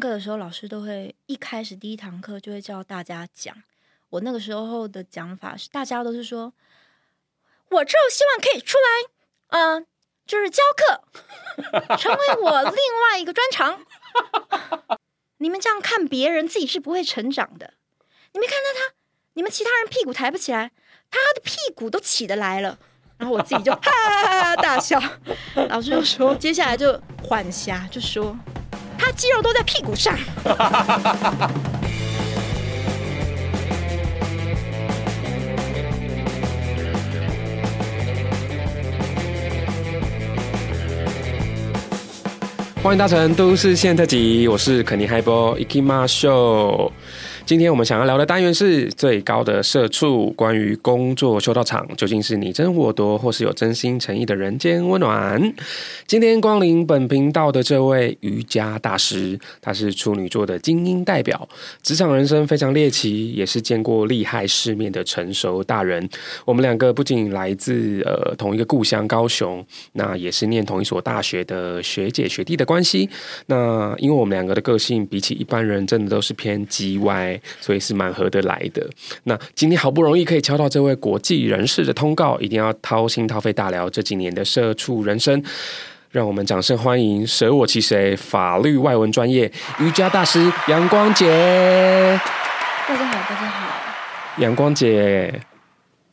課的時候，老師都會一開始第一堂課就會教大家講。我那個時候的講法是，大家都是說：“我就希望可以出來，嗯、呃，就是教課，成為我另外一個專長。” 你們這樣看別人，自己是不會成長的。你沒看到他，你們其他人屁股抬不起來，他，他的屁股都起得來了。然後我自己就 大笑。老師就說：“ 接下來就緩頰’，就說。”肌肉都在屁股上。 歡迎搭乘都市線特輯，我是肯尼嗨波伊基馬。今天我們想要聊的單元是最高的社畜，關於工作修道場，究竟是你爭我奪，或是有真心誠意的人間溫暖？今天光臨本頻道的這位瑜伽大師，他是處女座的精英代表，職場人生非常獵奇，也是見過厲害世面的成熟大人。我們兩個不僅來自呃同一個故鄉高雄，那也是念同一所大學的學姐學弟的關係。那因為我們兩個的個性比起一般人，真的都是偏機歪。所以是蠻合得來的。那今天好不容易可以敲到這位國際人士的通告，一定要掏心掏肺大聊這幾年的社畜人生。讓我們掌聲歡迎舍我其誰法律外文專業瑜伽大師陽光姐。大家好，大家好，陽光姐，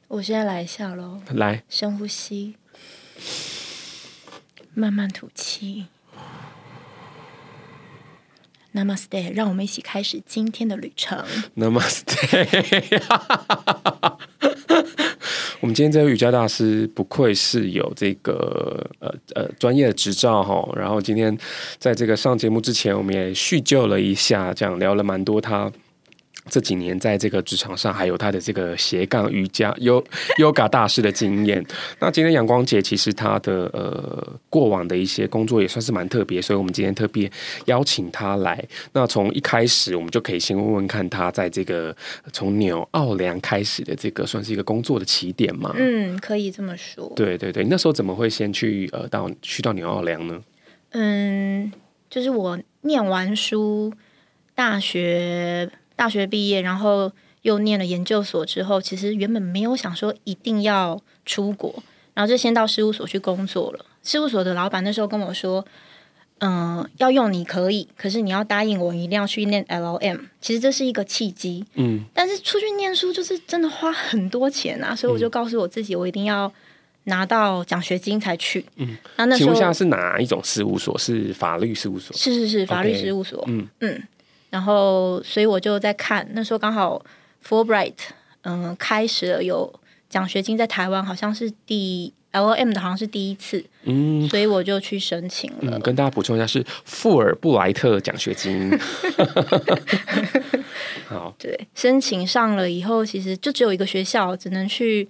我現在來一下嘍，來，深呼吸，慢慢吐氣。Namaste，讓我們一起開始今天的旅程。Namaste， 我們今天這位瑜伽大師不愧是有這個呃呃專業的執照哈。然後今天在這個上節目之前，我們也敘舊了一下，這樣聊了蠻多他。這幾年在這個職場上，還有他的這個斜槓瑜伽 Yoga 大師的經驗。那今天陽光姐其實她的呃過往的一些工作也算是蠻特別，所以我們今天特別邀請她來。那從一開始，我們就可以先問問看她在這個從紐奧良開始的這個算是一個工作的起點嗎？嗯，可以這麼說。對對對，那時候怎麼會先去呃到去到紐奧良呢？嗯，就是我念完書大學。大學畢業，然後又念了研究所之後，其實原本沒有想說一定要出國，然後就先到事務所去工作了。事務所的老闆那時候跟我說：“嗯，要用你可以，可是你要答應我，一定要去念 LL.M.。”其實這是一個契機。嗯。但是出去念書就是真的花很多錢啊，所以我就告訴我自己，我一定要拿到獎學金才去。嗯。那那時候是哪一種事務所？是法律事務所？是是是，法律事務所。Okay, 嗯。嗯然後，所以我就在看那時候，剛好 Fulbright，嗯，開始了有獎學金在台灣，好像是第 LM 的，好像是第一次，嗯，所以我就去申請了。嗯、跟大家補充一下，是富爾布萊特獎學金。 好，對，申請上了以後，其實就只有一個學校，只能去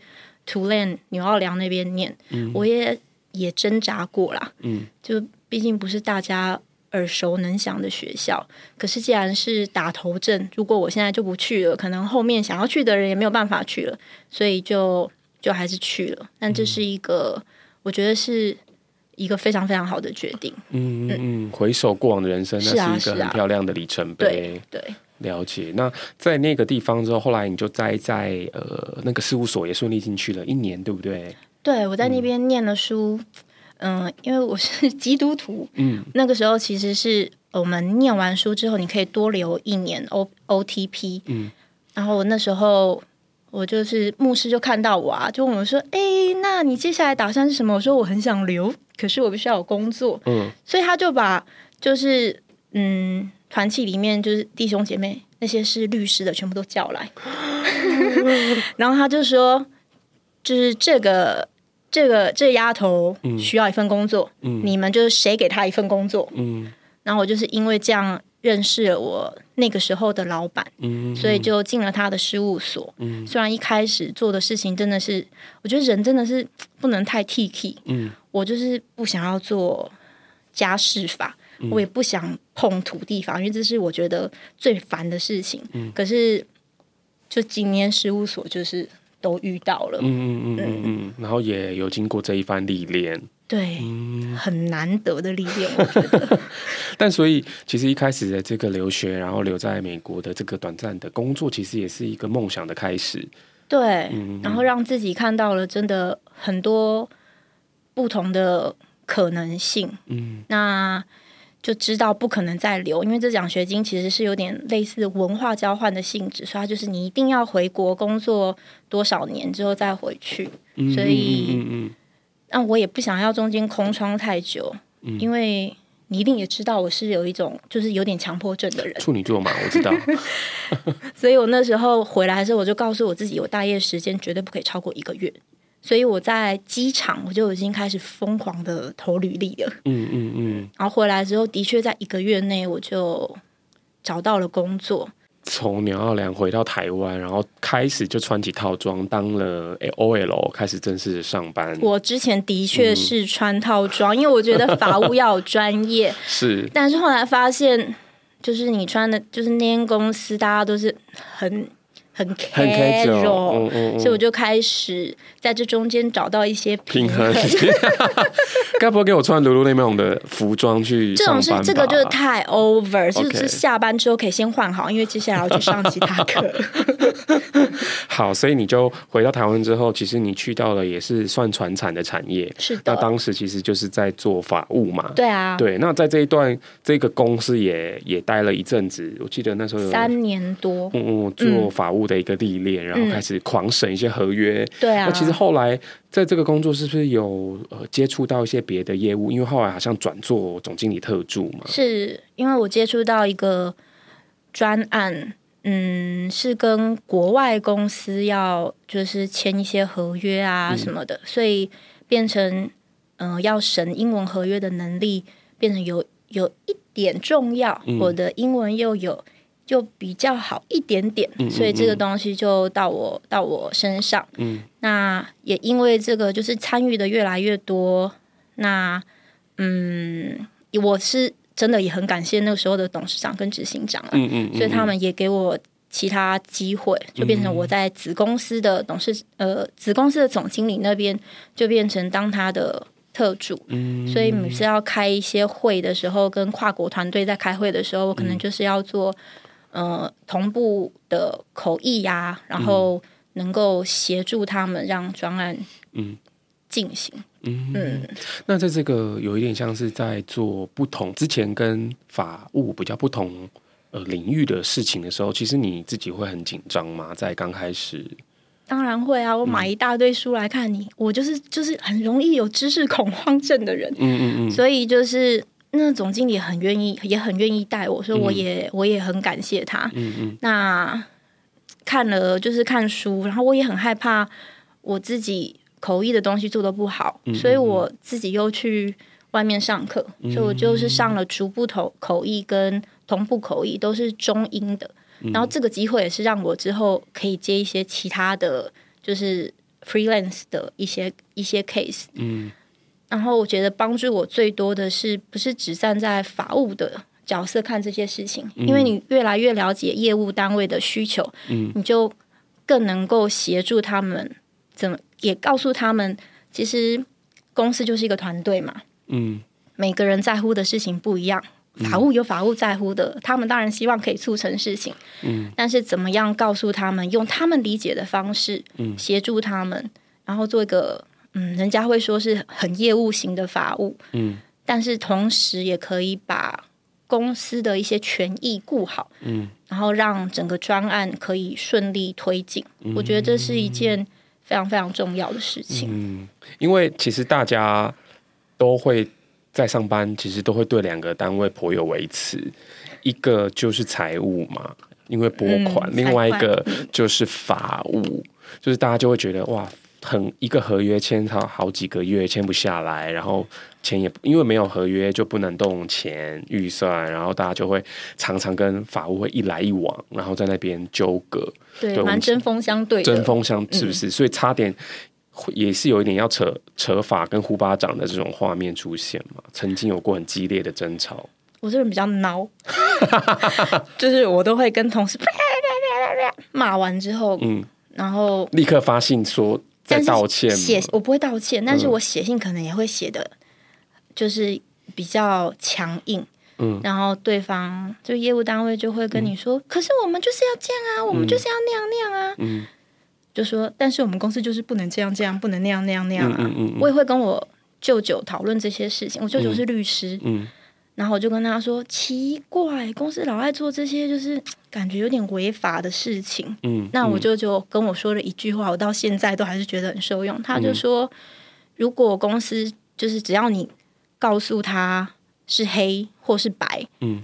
Tulane 紐奧良那邊念。嗯、我也也掙扎過啦，嗯，就畢竟不是大家。耳熟能詳的學校，可是既然是打頭陣，如果我現在就不去了，可能後面想要去的人也沒有辦法去了，所以就就還是去了。但這是一個，嗯、我覺得是一個非常非常好的決定。嗯嗯回首過往的人生，是啊，那是一個很漂亮的里程碑。啊，對，對，了解。那在那個地方之後，後來你就栽在在呃那個事務所也順利進去了一年，對不對？對，我在那邊念了書。嗯嗯，因為我是基督徒，嗯，那個時候其實是我們念完書之後，你可以多留一年 O O T P，嗯，然後我那時候我就是牧師就看到我啊，就問我說：“哎，那你接下來打算是什麼？”我說：“我很想留，可是我必須要有工作。”嗯，所以他就把就是嗯團契裡面就是弟兄姐妹那些是律師的全部都叫來，哦哦哦 然後他就說就是這個。這個這丫頭需要一份工作，嗯嗯、你們就是誰給她一份工作，嗯、然後我就是因為這樣認識了我那個時候的老闆，嗯嗯、所以就進了他的事務所。嗯、雖然一開始做的事情真的是，我覺得人真的是不能太挑剔。Key, 嗯、我就是不想要做家事法，嗯、我也不想碰土地法，因為這是我覺得最煩的事情。嗯、可是就今年事務所就是。都遇到了，嗯嗯嗯嗯嗯，嗯嗯嗯然後也有經過這一番歷練，對，嗯、很難得的歷練，我覺得。 但所以，其實一開始的這個留學，然後留在美國的這個短暫的工作，其實也是一個夢想的開始，對，嗯、哼然後讓自己看到了真的很多不同的可能性，嗯，那。就知道不可能再留，因為這獎學金其實是有點類似文化交換的性質，所以它就是你一定要回國工作多少年之後再回去。嗯、所以，那、嗯嗯嗯、我也不想要中間空窗太久，嗯、因為你一定也知道我是有一種就是有點強迫症的人，處女座嘛，我知道。 所以我那時候回來的時候，我就告訴我自己，我待業時間絕對不可以超過一個月。所以我在機場，我就已經開始瘋狂的投履歷了。嗯嗯嗯。然後回來之後，的確在一個月內，我就找到了工作。從紐奧良回到台灣，然後開始就穿起套裝，當了 OL，開始正式上班。我之前的確是穿套裝，因為我覺得法務要有專業。是。但是後來發現，就是你穿的，就是那間公司，大家都是很。很 care，所以我就開始在這中間找到一些平衡。該平衡 不會給我穿 lululemon 的服裝去？這種是這個就是太 over，Okay. 就是下班之後可以先換好，因為接下來要去上其他課。 好，所以你就回到台灣之後，其實你去到了也是算傳產的產業，是的。那當時其實就是在做法務嘛，對啊，對。那在這一段這個公司也也待了一陣子，我記得那時候有。三年多，嗯嗯，做法務、嗯。的一個歷練，然後開始狂審一些合約。嗯、對啊，那其實後來在這個工作是不是有呃接觸到一些別的業務？因為後來好像轉做總經理特助嘛。是因為我接觸到一個專案，嗯，是跟國外公司要就是簽一些合約啊什麼的，嗯、所以變成呃要審英文合約的能力變成有有一點重要。我的英文又有。嗯就比較好一點點，嗯嗯嗯所以這個東西就到我嗯嗯到我身上。嗯、那也因為這個，就是參與的越來越多。那嗯，我是真的也很感謝那個時候的董事長跟執行長了，嗯嗯嗯嗯所以他們也給我其他機會，就變成我在子公司的董事，呃，子公司的總經理那邊就變成當他的特助。嗯嗯嗯所以每次要開一些會的時候，跟跨國團隊在開會的時候，我可能就是要做。呃，同步的口譯呀、啊，然後能夠協助他們讓專案嗯進行嗯。嗯嗯，那在這個有一點像是在做不同之前跟法務比較不同呃領域的事情的時候，其實你自己會很緊張嗎？在剛開始？當然會啊，我買一大堆書來看你，你、嗯、我就是就是很容易有知識恐慌症的人，嗯、嗯嗯，所以就是。那總經理很願意，也很願意帶我，所以我也、嗯、我也很感謝他。嗯嗯、那看了就是看書，然後我也很害怕我自己口譯的東西做得不好，嗯、所以我自己又去外面上課，嗯、所以我就是上了逐步口譯跟同步口譯都是中英的。嗯、然後這個機會也是讓我之後可以接一些其他的就是 freelance 的一些一些 case。嗯然後我覺得幫助我最多的是，不是只站在法務的角色看這些事情，嗯、因為你越來越了解業務單位的需求，嗯、你就更能夠協助他們，怎麼也告訴他們，其實公司就是一個團隊嘛，嗯、每個人在乎的事情不一樣，法務有法務在乎的，他們當然希望可以促成事情，嗯、但是怎麼樣告訴他們，用他們理解的方式，協助他們，嗯、然後做一個。嗯，人家會說是很業務型的法務，嗯，但是同時也可以把公司的一些權益顧好，嗯，然後讓整個專案可以順利推進。嗯、我覺得這是一件非常非常重要的事情。嗯，因為其實大家都會在上班，其實都會對兩個單位頗有微詞，一個就是財務嘛，因為撥款；嗯、款另外一個就是法務，嗯、就是大家就會覺得哇。很一個合約簽好好幾個月簽不下來，然後錢也因為沒有合約就不能動錢預算，然後大家就會常常跟法務會一來一往，然後在那邊糾葛，對，蠻針鋒相對，針鋒相對是不是？嗯，所以差點也是有一點要扯扯法跟胡巴掌的這種畫面出現嘛。曾經有過很激烈的爭吵，我這人比較孬， 就是我都會跟同事 罵完之後，嗯，然後立刻發信說。但是寫，在道歉嗎？我不會道歉，但是我寫信可能也會寫的，就是比較強硬。嗯、然後對方就業務單位就會跟你說：“嗯、可是我們就是要這樣啊，我們就是要那樣那樣啊。嗯”就說：“但是我們公司就是不能這樣這樣，不能那樣那樣那樣啊。嗯”嗯嗯嗯、我也會跟我舅舅討論這些事情。我舅舅是律師。嗯嗯然後我就跟他說：“奇怪，公司老愛做這些，就是感覺有點違法的事情。嗯”嗯，那我就就跟我說了一句話，我到現在都還是覺得很受用。他就說：“如果公司就是只要你告訴他是黑或是白，嗯，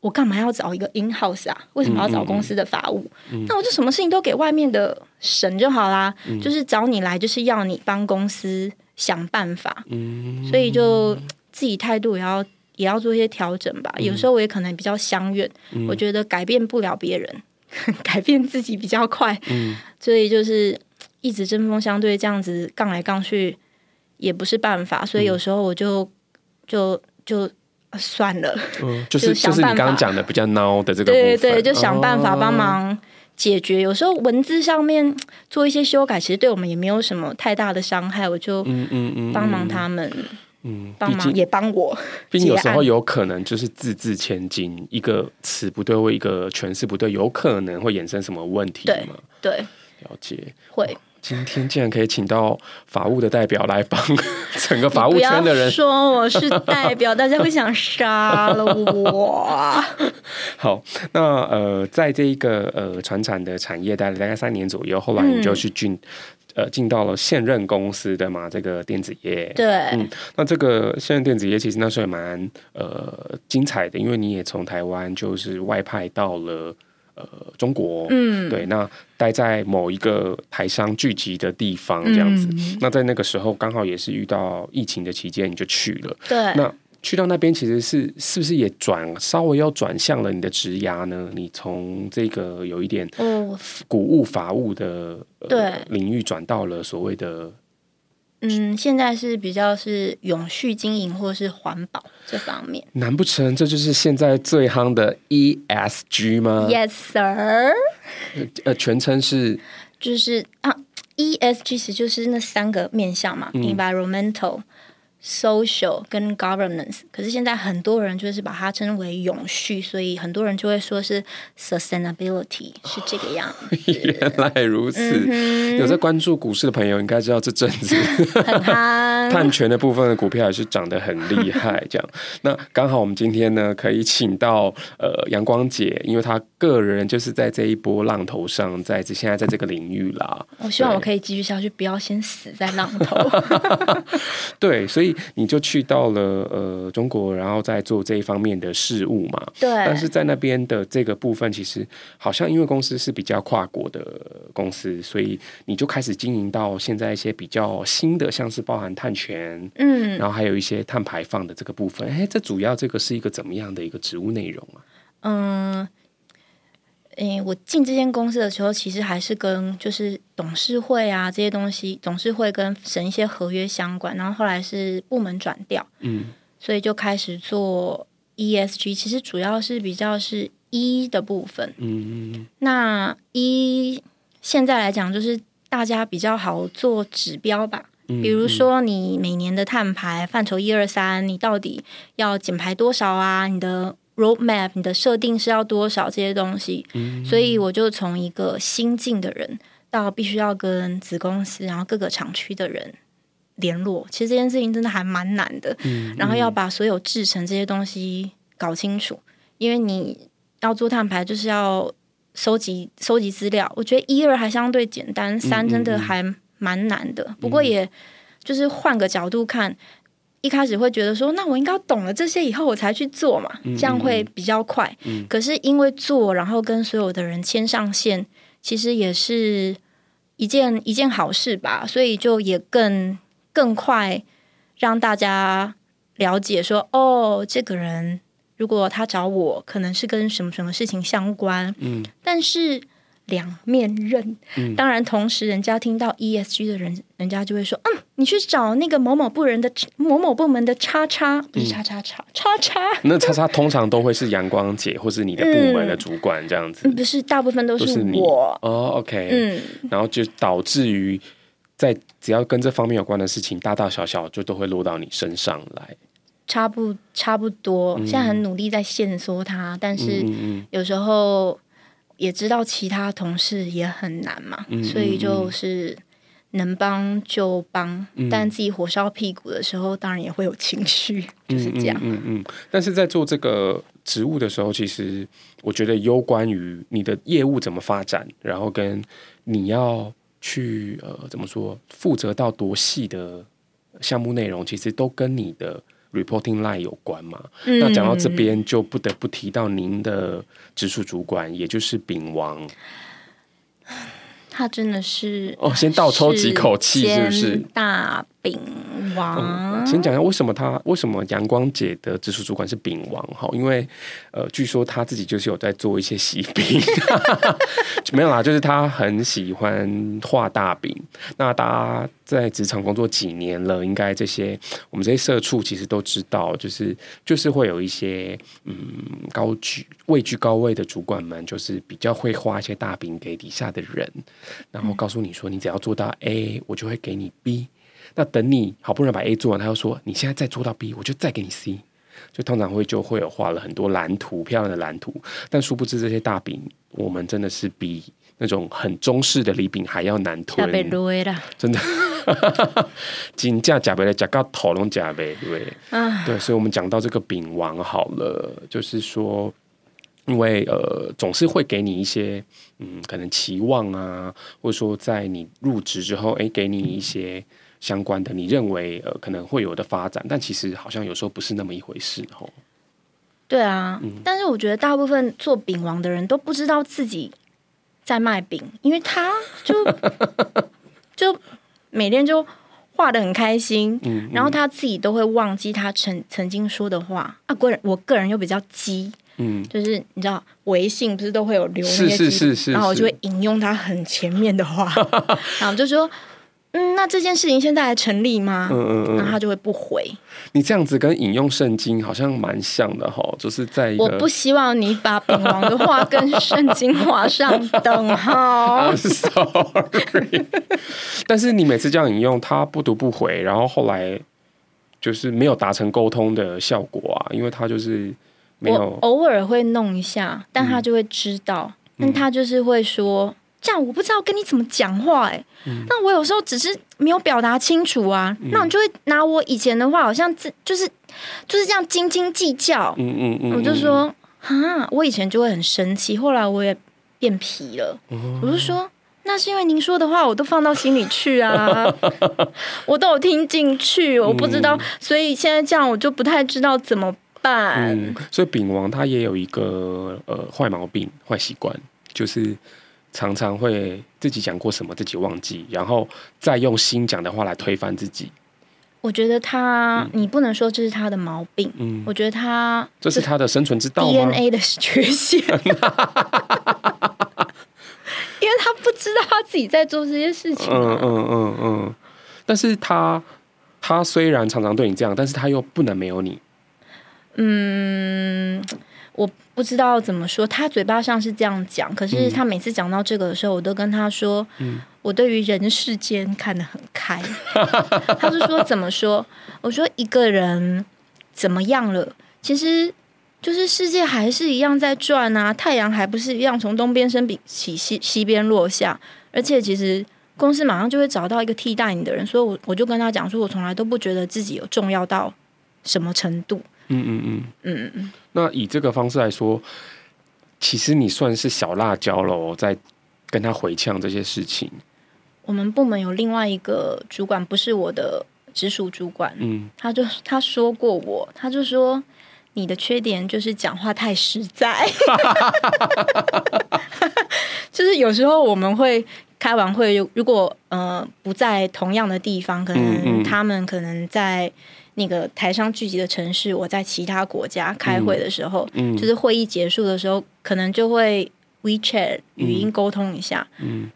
我幹嘛要找一個 in house 啊？為什麼要找公司的法務？嗯嗯、那我就什麼事情都給外面的神就好啦。嗯、就是找你來，就是要你幫公司想辦法。嗯，所以就自己態度也要。”也要做一些調整吧。有時候我也可能比較相遠，嗯、我覺得改變不了別人，嗯、改變自己比較快。嗯、所以就是一直針鋒相對這樣子槓來槓去也不是辦法。所以有時候我就、嗯、就就，就算了，就是你剛剛講的比較孬、no、的這個，對對對，就想辦法幫忙解決。哦、有時候文字上面做一些修改，其實對我們也沒有什麼太大的傷害，我就幫忙他們。嗯，幫忙，畢竟也幫我。畢竟有時候有可能就是字字千金，一個詞不對或一個詮釋不對，有可能會衍生什麼問題嗎？對，對，了解會。今天竟然可以請到法務的代表來幫整個法務圈的人，你說我是代表， 大家會想殺了我。好，那呃，在這一個呃傳產的產業待了大概三年左右，後來你就去進、嗯、呃進到了現任公司的嘛這個電子業。對、嗯，那這個現任電子業其實那時候也蠻呃精彩的，因為你也從台灣就是外派到了。呃，中國，嗯，對，那待在某一個台商聚集的地方這樣子，嗯、那在那個時候剛好也是遇到疫情的期間，你就去了，對，那去到那邊其實是是不是也轉稍微要轉向了你的職涯呢？你從這個有一點嗯，股務法務的對領域轉到了所謂的。嗯，現在是比較是永續經營或是環保這方面。難不成這就是現在最夯的 ESG 嗎？Yes, sir 呃。呃，全稱是，就是，就是啊，ESG 其實就是那三個面向嘛，environmental social 跟 governance，可是現在很多人就是把它稱為永續，所以很多人就會說是 sustainability 是這個樣。原來如此，嗯、哼有在關注股市的朋友應該知道這，這陣子很碳憨權的部分的股票也是漲得很厲害。這樣， 那剛好我們今天呢可以請到呃陽光姐，因為她個人就是在這一波浪頭上，在這現在在這個領域啦。我希望對我可以繼續下去，不要先死在浪頭。 對，所以。你就去到了呃中國，然後在做這一方面的事務嘛？對。但是在那邊的這個部分，其實好像因為公司是比較跨國的公司，所以你就開始經營到現在一些比較新的，像是包含碳權，嗯，然後還有一些碳排放的這個部分。哎，這主要這個是一個怎麼樣的一個職務內容啊？嗯，哎，我進這間公司的時候，其實還是跟就是。董事會啊，這些東西，董事會跟審一些合約相關。然後後來是部門轉調，嗯，所以就開始做 ESG，其實主要是比較是一、e、的部分，嗯嗯。那一、e, 現在來講，就是大家比較好做指標吧，嗯嗯，比如說你每年的碳排範疇一二三，你到底要減排多少啊？你的 roadmap，你的設定是要多少這些東西？嗯，嗯，所以我就從一個新進的人。要必須要跟子公司，然後各個廠區的人聯絡。其實這件事情真的還蠻難的。嗯嗯、然後要把所有製程這些東西搞清楚，因為你要做碳排，就是要收集收集資料。我覺得一二還相對簡單，三真的還蠻難的。嗯嗯嗯、不過也就是換個角度看，一開始會覺得說，那我應該懂了這些以後我才去做嘛，這樣會比較快。嗯嗯嗯、可是因為做，然後跟所有的人牽上線，其實也是。一件一件好事吧，所以就也更更快讓大家了解說，哦，這個人如果他找我，可能是跟什麼什麼事情相關，嗯，但是。兩面刃，嗯、當然，同時人家聽到 E S G 的人，人家就會說：“嗯，你去找那個某某部人的某某部門的叉叉不是叉叉叉、嗯、叉叉。叉叉” 那叉叉通常都會是陽光姐或是你的部門的主管這樣子，嗯、不是？大部分都是我哦、oh,，OK，嗯，然後就導致於在只要跟這方面有關的事情，大大小小就都會落到你身上來，差不差不多。不多嗯、現在很努力在限縮它，但是有時候。也知道其他同事也很難嘛，嗯、所以就是能幫就幫，嗯、但自己火燒屁股的時候，當然也會有情緒，嗯、就是這樣。嗯嗯，嗯。但是在做這個職務的時候，其實我覺得有關於你的業務怎麼發展，然後跟你要去呃怎麼說，負責到多細的項目內容，其實都跟你的。Reporting line 有關嘛？嗯、那講到這邊就不得不提到您的直屬主管，也就是餅王。他真的是……哦，先倒抽幾口氣，是不是？餅王、嗯，先講一下為什麼他為什麼陽光姐的直屬主管是餅王哈？因為呃，據說他自己就是有在做一些喜餅， 沒有啦，就是他很喜歡畫大餅。那大家在職場工作幾年了，應該這些我們這些社畜其實都知道，就是就是會有一些嗯高居位居高位的主管們，就是比較會畫一些大餅給底下的人，然後告訴你說、嗯、你只要做到 A，我就會給你 B。那等你好不容易把 A 做完，他又說你現在再做到 B，我就再給你 C。就通常會就會有畫了很多藍圖，漂亮的藍圖，但殊不知這些大餅，我們真的是比那種很中式的禮餅還要難吞。真的，真正食袂落的，食到吐攏食袂落，對，對，啊、對。所以，我們講到這個餅王好了，就是說，因為呃，總是會給你一些嗯，可能期望啊，或者說在你入職之後，哎，給你一些。相關的，你認為呃可能會有的發展，但其實好像有時候不是那麼一回事，吼。對啊，嗯、但是我覺得大部分做餅王的人都不知道自己在賣餅，因為他就 就每天就畫得很開心，嗯嗯、然後他自己都會忘記他曾曾經說的話。啊，個人我個人又比較急，嗯，就是你知道微信不是都會有留言，是是是，是是是，然後我就會引用他很前面的話， 然後就說。嗯，那這件事情現在還成立嗎？嗯嗯那他就會不回。你這樣子跟引用聖經好像蠻像的哈，就是在一個我不希望你把本王的話跟聖經劃上等號。Sorry，但是你每次這樣引用，他不讀不回，然後後來就是沒有達成溝通的效果啊，因為他就是沒有我偶爾會弄一下，但他就會知道，嗯嗯，但他就是會說。這樣我不知道跟你怎麼講話哎，那、嗯、我有時候只是沒有表達清楚啊，嗯、那我就會拿我以前的話，好像就是就是這樣斤斤計較，嗯嗯嗯，嗯嗯我就說啊、嗯，我以前就會很生氣，後來我也變皮了，嗯、我就說，那是因為您說的話我都放到心裡去啊， 我都有聽進去，我不知道，嗯、所以現在這樣我就不太知道怎麼辦。嗯、所以餅王他也有一個呃壞毛病、壞習慣，就是。常常會自己講過什麼自己忘記，然後再用新講的話來推翻自己。我覺得他，嗯、你不能說這是他的毛病。嗯，我覺得他這是他的生存之道，DNA 的缺陷。因為他不知道他自己在做這些事情、啊嗯。嗯嗯嗯嗯。但是他，他雖然常常對你這樣，但是他又不能沒有你。嗯，我。不知道怎麼說，他嘴巴上是這樣講，可是他每次講到這個的時候，嗯、我都跟他說，嗯、我對於人世間看得很開。 他就說怎麼說？我說一個人怎麼樣了？其實就是世界還是一樣在轉啊，太陽還不是一樣從東邊升起，西西邊落下。而且其實公司馬上就會找到一個替代你的人，所以我我就跟他講，說我從來都不覺得自己有重要到什麼程度。嗯嗯嗯 嗯嗯那以這個方式來說，其實你算是小辣椒了，我在跟他回嗆這些事情。我們部門有另外一個主管，不是我的直屬主管，嗯，他就他說過我，他就說你的缺點就是講話太實在， 就是有時候我們會開完會，如果呃不在同樣的地方，可能他們可能在。嗯嗯那個台商聚集的城市，我在其他國家開會的時候，嗯嗯、就是會議結束的時候，可能就會 WeChat 語音溝通一下，嗯，嗯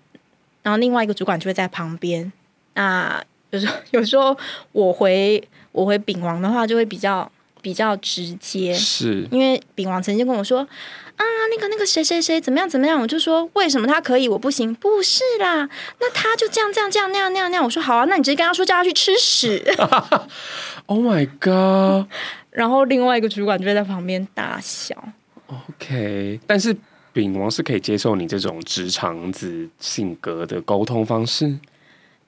然後另外一個主管就會在旁邊。那有時候有時候我回我回餅王的話，就會比較。比較直接，是因為餅王曾經跟我說啊，那個那個誰誰誰怎麼樣怎麼樣，我就說為什麼他可以我不行？不是啦，那他就這樣這樣這樣那樣那樣那樣，我說好啊，那你直接跟他說叫他去吃屎 ！Oh my god！然後另外一個主管就在旁邊大笑。OK，但是餅王是可以接受你這種直腸子性格的溝通方式。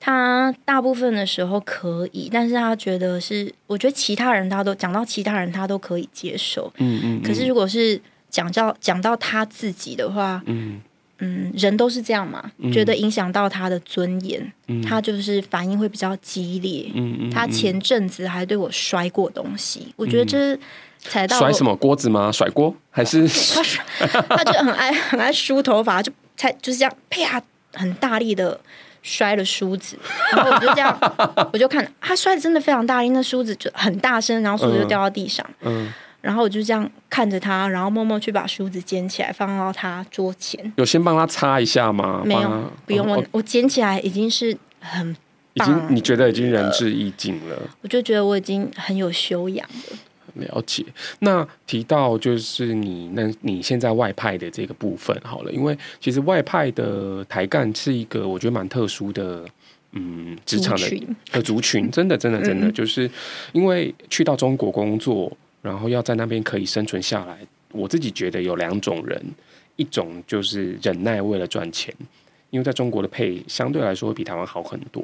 他大部分的時候可以，但是他覺得是，我覺得其他人他都講到其他人他都可以接受，嗯嗯。嗯嗯，可是如果是講到講到他自己的話，嗯嗯，人都是這樣嘛，嗯、覺得影響到他的尊嚴，嗯、他就是反應會比較激烈，嗯嗯嗯、他前陣子還對我摔過東西，嗯、我覺得這是踩到甩什麼鍋子嗎？甩鍋還是他？ 他就很愛很愛梳頭髮，就才就是這樣啪，很大力的。摔了梳子，然後我就這樣， 我就看他摔的真的非常大，因為那梳子就很大聲，然後梳子就掉到地上。嗯嗯，然後我就這樣看着他，然後默默去把梳子撿起來放到他桌前。有先幫他擦一下嗎？沒有，不用。我、哦、我撿起來已經是很，已經你覺得已經仁至義盡了。我就覺得我已經很有修養了。了解，那提到就是你那你現在外派的這個部分好了，因為其實外派的台幹是一個我覺得蠻特殊的，嗯，職場的的族群，真的真的真的，真的嗯嗯就是因為去到中國工作，然後要在那邊可以生存下來，我自己覺得有兩種人，一種就是忍耐為了賺錢，因為在中國的 pay 相對來說會比台灣好很多，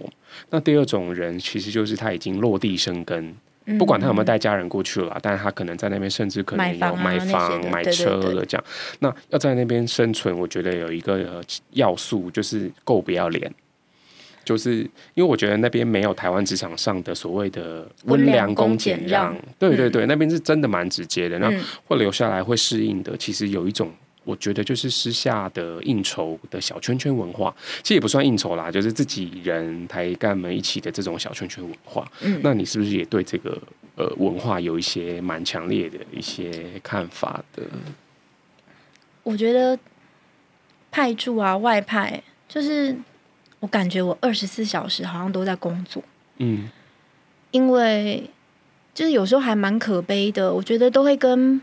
那第二種人其實就是他已經落地生根。不管他有沒有帶家人過去了，但是他可能在那邊，甚至可能要買房、買車了這樣。對對對，那要在那邊生存，我覺得有一個要素就是夠不要臉，就是因為我覺得那邊沒有台灣職場上的所謂的溫良恭儉讓。對對對，那邊是真的蠻直接的。嗯，那會留下來、會適應的，其實有一種。我覺得就是私下的應酬的小圈圈文化，其實也不算應酬啦，就是自己人台幹們，一起的這種小圈圈文化。嗯，那你是不是也對這個呃文化有一些蠻強烈的、一些看法的？我覺得派駐啊、外派，就是我感覺我二十四小時好像都在工作。嗯，因為就是有時候還蠻可悲的，我覺得都會跟。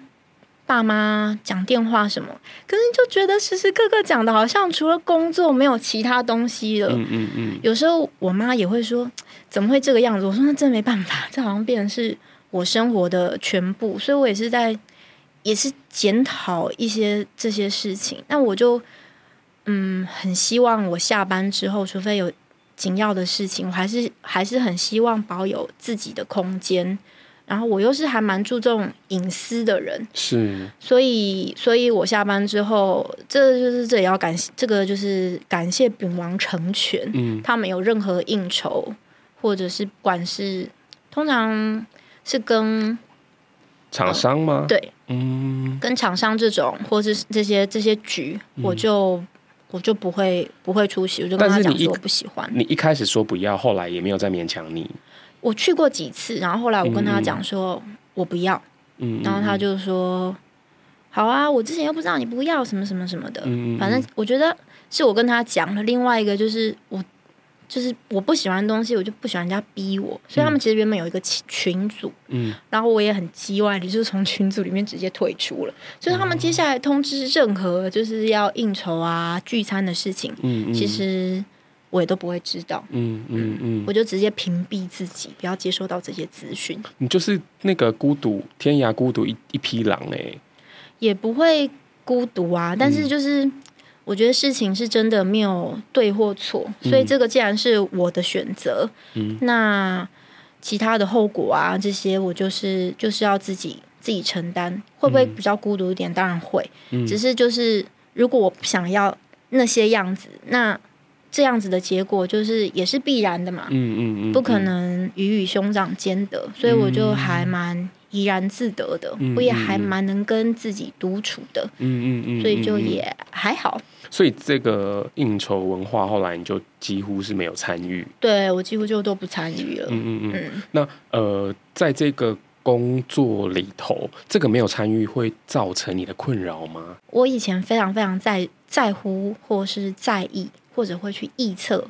爸媽講電話什麼，可是就覺得時時刻刻講的好像除了工作沒有其他東西了。嗯嗯嗯。有時候我媽也會說：“怎麼會這個樣子？”我說：“那真沒辦法，這好像變成是我生活的全部。”所以，我也是在也是檢討一些這些事情。那我就嗯，很希望我下班之後，除非有緊要的事情，我還是還是很希望保有自己的空間。然後我又是還蠻注重隱私的人，是，所以所以我下班之後，這個、就是這也要感，這個就是感謝餅王成全，嗯，他沒有任何應酬，或者是不管是，通常是跟廠商嗎？呃、對，嗯，跟廠商這種，或者是這些這些局，嗯、我就我就不會不會出席，我就跟他講說我不喜歡你。你一開始說不要，後來也沒有再勉強你。我去過幾次，然後後來我跟他講說，嗯嗯，我不要，嗯嗯，然後他就說，好啊，我之前又不知道你不要什麼什麼什麼的，嗯嗯嗯，反正我覺得是我跟他講了。另外一個就是我，就是我不喜歡的東西，我就不喜歡人家逼我，嗯、所以他們其實原本有一個群群組，嗯，然後我也很機歪，你就從群組裡面直接退出了。所以他們接下來通知任何就是要應酬啊、聚餐的事情，嗯，嗯，其實。我也都不會知道，嗯嗯嗯，嗯嗯我就直接屏蔽自己，不要接收到這些資訊。你就是那個孤獨天涯孤獨一一匹狼呢、欸，也不會孤獨啊。但是就是我覺得事情是真的沒有對或錯，嗯、所以這個既然是我的選擇，嗯、那其他的後果啊這些我就是就是要自己自己承擔。會不會比較孤獨一點？當然會，嗯、只是就是如果我不想要那些樣子，那。這樣子的結果就是也是必然的嘛，嗯嗯，嗯不可能魚與熊掌兼得，嗯、所以我就還蠻怡然自得的，嗯、我也還蠻能跟自己獨處的，嗯嗯嗯，嗯所以就也還好。所以這個應酬文化後來你就幾乎是沒有參與，對，我幾乎就都不參與了，嗯嗯嗯。嗯嗯那呃，在這個工作裡頭，這個沒有參與會造成你的困擾嗎？我以前非常非常在在乎或是在意，或者會去臆測，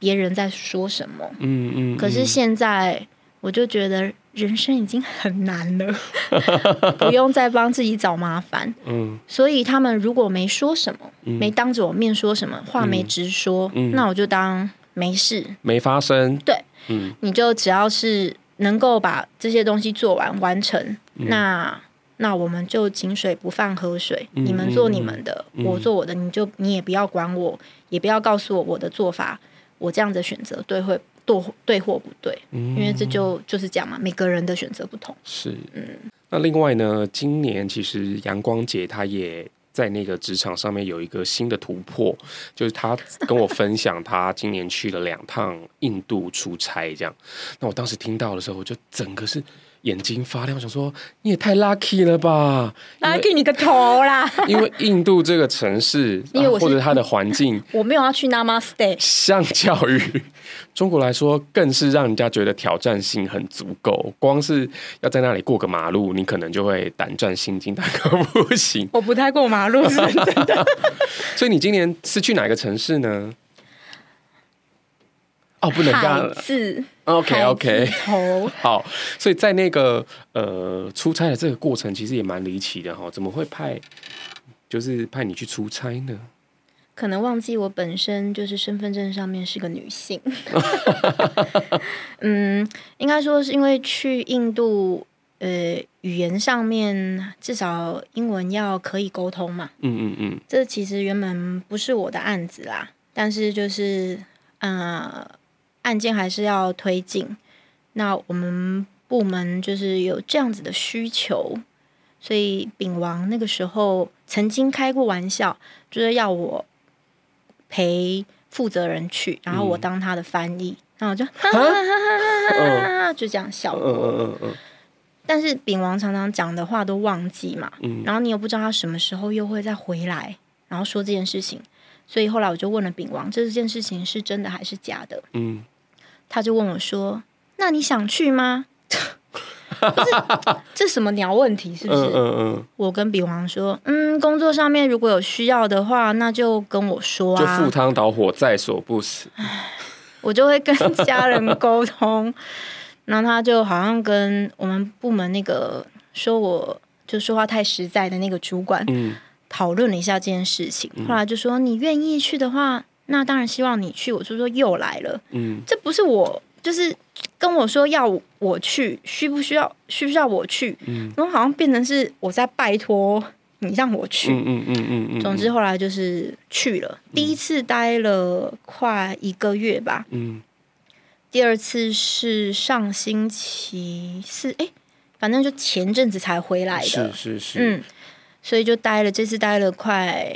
別人在說什麼。嗯，嗯，嗯。可是現在，我就覺得人生已經很難了， 不用再幫自己找麻煩，嗯。所以他們如果沒說什麼，嗯，沒當着我面說什麼，話沒直說，嗯，那我就當沒事，沒發生。對，嗯，你就只要是能夠把這些東西做完、完成，嗯，那。那我們就井水不犯河水，嗯、你們做你們的，嗯、我做我的，你就你也不要管我，嗯、也不要告訴我我的做法，我這樣的選擇對會對對或不對，嗯、因為這就就是這樣嘛，每個人的選擇不同。是，嗯。那另外呢，今年其實陽光姐他也在那個職場上面有一個新的突破，就是他跟我分享，他今年去了兩趟印度出差，這樣。 那我當時聽到的時候，就整個是。眼睛發亮，我想說你也太 lucky 了吧，lucky 你個頭啦！因為印度這個城市， 啊、或者它的環境， 我沒有要去 Namaste。相較於中國來說，更是讓人家覺得挑戰性很足夠。光是要在那裡過個馬路，你可能就會膽戰心驚，大哥不行。我不太過馬路，真的。 所以你今年是去哪個城市呢？哦，不能幹了。OK，OK 子。Okay, okay. 好，所以在那個呃出差的這個過程，其實也蠻離奇的哈、哦。怎麼會派就是派你去出差呢？可能忘記我本身就是身份證上面是個女性。 嗯，應該說是因為去印度，呃，語言上面至少英文要可以溝通嘛。嗯嗯嗯。這其實原本不是我的案子啦，但是就是啊。呃案件還是要推進，那我們部門就是有這樣子的需求，所以餅王那個時候曾經開過玩笑，就是要我陪負責人去，然後我當他的翻譯，嗯、然後我就哈哈哈哈哈哈，就這樣笑。嗯、啊啊啊、但是餅王常常講的話都忘記嘛，嗯、然後你又不知道他什麼時候又會再回來，然後說這件事情，所以後來我就問了餅王這件事情是真的還是假的，嗯他就問我說：“那你想去嗎？ 這什麼鳥問題？是不是？嗯嗯嗯、我跟餅王說：，嗯，工作上面如果有需要的話，那就跟我說啊，就赴湯蹈火在所不辭。 我就會跟家人溝通。然後 他就好像跟我們部門那個說我就說話太實在的那個主管，討論、嗯、了一下這件事情。後來就說：，你願意去的話。”那當然希望你去，我就說又來了。嗯，這不是我，就是跟我說要我去，需不需要，需不需要我去？嗯，然後好像變成是我在拜托你讓我去。嗯嗯嗯，嗯，總之後來就是去了，嗯，第一次待了快一個月吧。嗯，第二次是上星期四，哎，反正就前陣子才回來的。是是是。是是，嗯所以就待了，這次待了快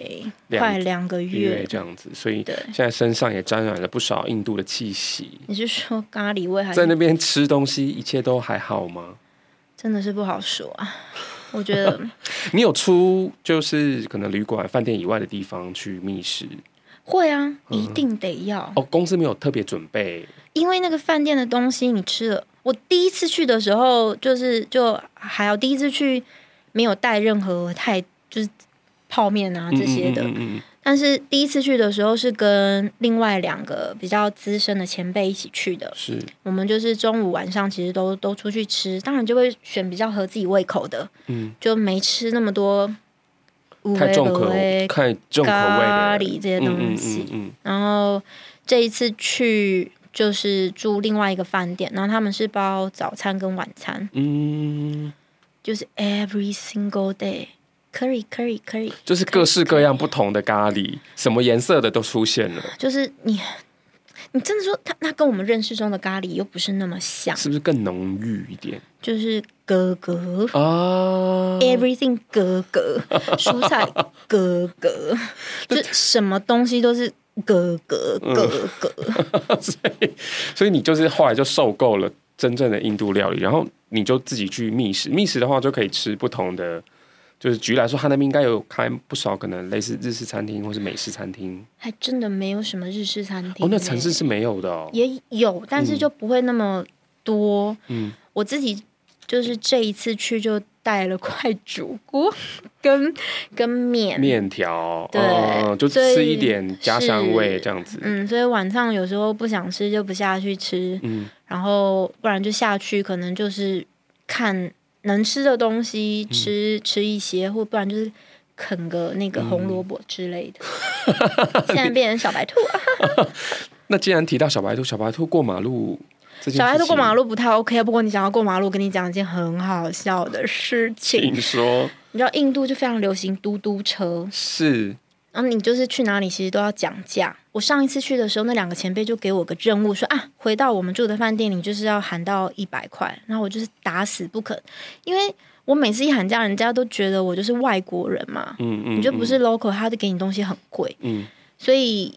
快兩,兩個月這樣子，所以現在身上也沾染了不少印度的氣息。你是說咖喱味？還在那邊吃東西，一切都還好嗎？真的是不好說啊，我覺得。 你有出就是可能旅館、飯店以外的地方去覓食？會啊，一定得要、嗯。哦，公司沒有特別準備，因為那個飯店的東西你吃了。我第一次去的時候，就是就還要第一次去。沒有帶任何太就是泡麵啊這些的，嗯嗯嗯嗯、但是第一次去的時候是跟另外兩個比較資深的前輩一起去的。是，我們就是中午晚上其實都都出去吃，當然就會選比較合自己胃口的。嗯、就沒吃那麼多太重口味、太重口味咖哩，這些東西。嗯嗯嗯嗯、然後這一次去就是住另外一個飯店，然後他們是包早餐跟晚餐。嗯。就是 every single day curry curry curry，就是各式各樣不同的咖喱，什麼顏色的都出現了。就是你，你真的說它那跟我們認識中的咖喱又不是那麼像，是不是更濃郁一點？就是格格啊，everything 格格，蔬菜格格， 就是什麼東西都是格格格格。 所以，所以你就是後來就受夠了。真正的印度料理，然後你就自己去覓食。覓食的話，就可以吃不同的。就是舉例來說，他那邊應該有開不少可能類似日式餐廳或是美式餐廳，還真的沒有什麼日式餐廳。哦，那城市是沒有的。哦，也有，但是就不會那麼多。嗯，我自己。就是這一次去就帶了快煮鍋跟跟麵麵條，對，嗯、以就吃一點家鄉味是這樣子。嗯，所以晚上有時候不想吃就不下去吃，嗯，然後不然就下去可能就是看能吃的東西吃，嗯，吃一些，或不然就是啃個那個紅蘿蔔之類的。嗯、 現在變成小白兔。 那既然提到小白兔，小白兔過馬路。件件小孩子過馬路不太 OK，不過你想要過馬路，跟你講一件很好笑的事情。你說，你知道印度就非常流行嘟嘟車。是，然後你就是去哪裡，其實都要講價。我上一次去的時候，那兩個前輩就給我個任務，說啊，回到我們住的飯店裡，就是要喊到一百塊。然後我就是打死不肯，因為我每次一喊價，人家都覺得我就是外國人嘛，嗯嗯，嗯嗯，你就不是 local，他就給你東西很貴，嗯，所以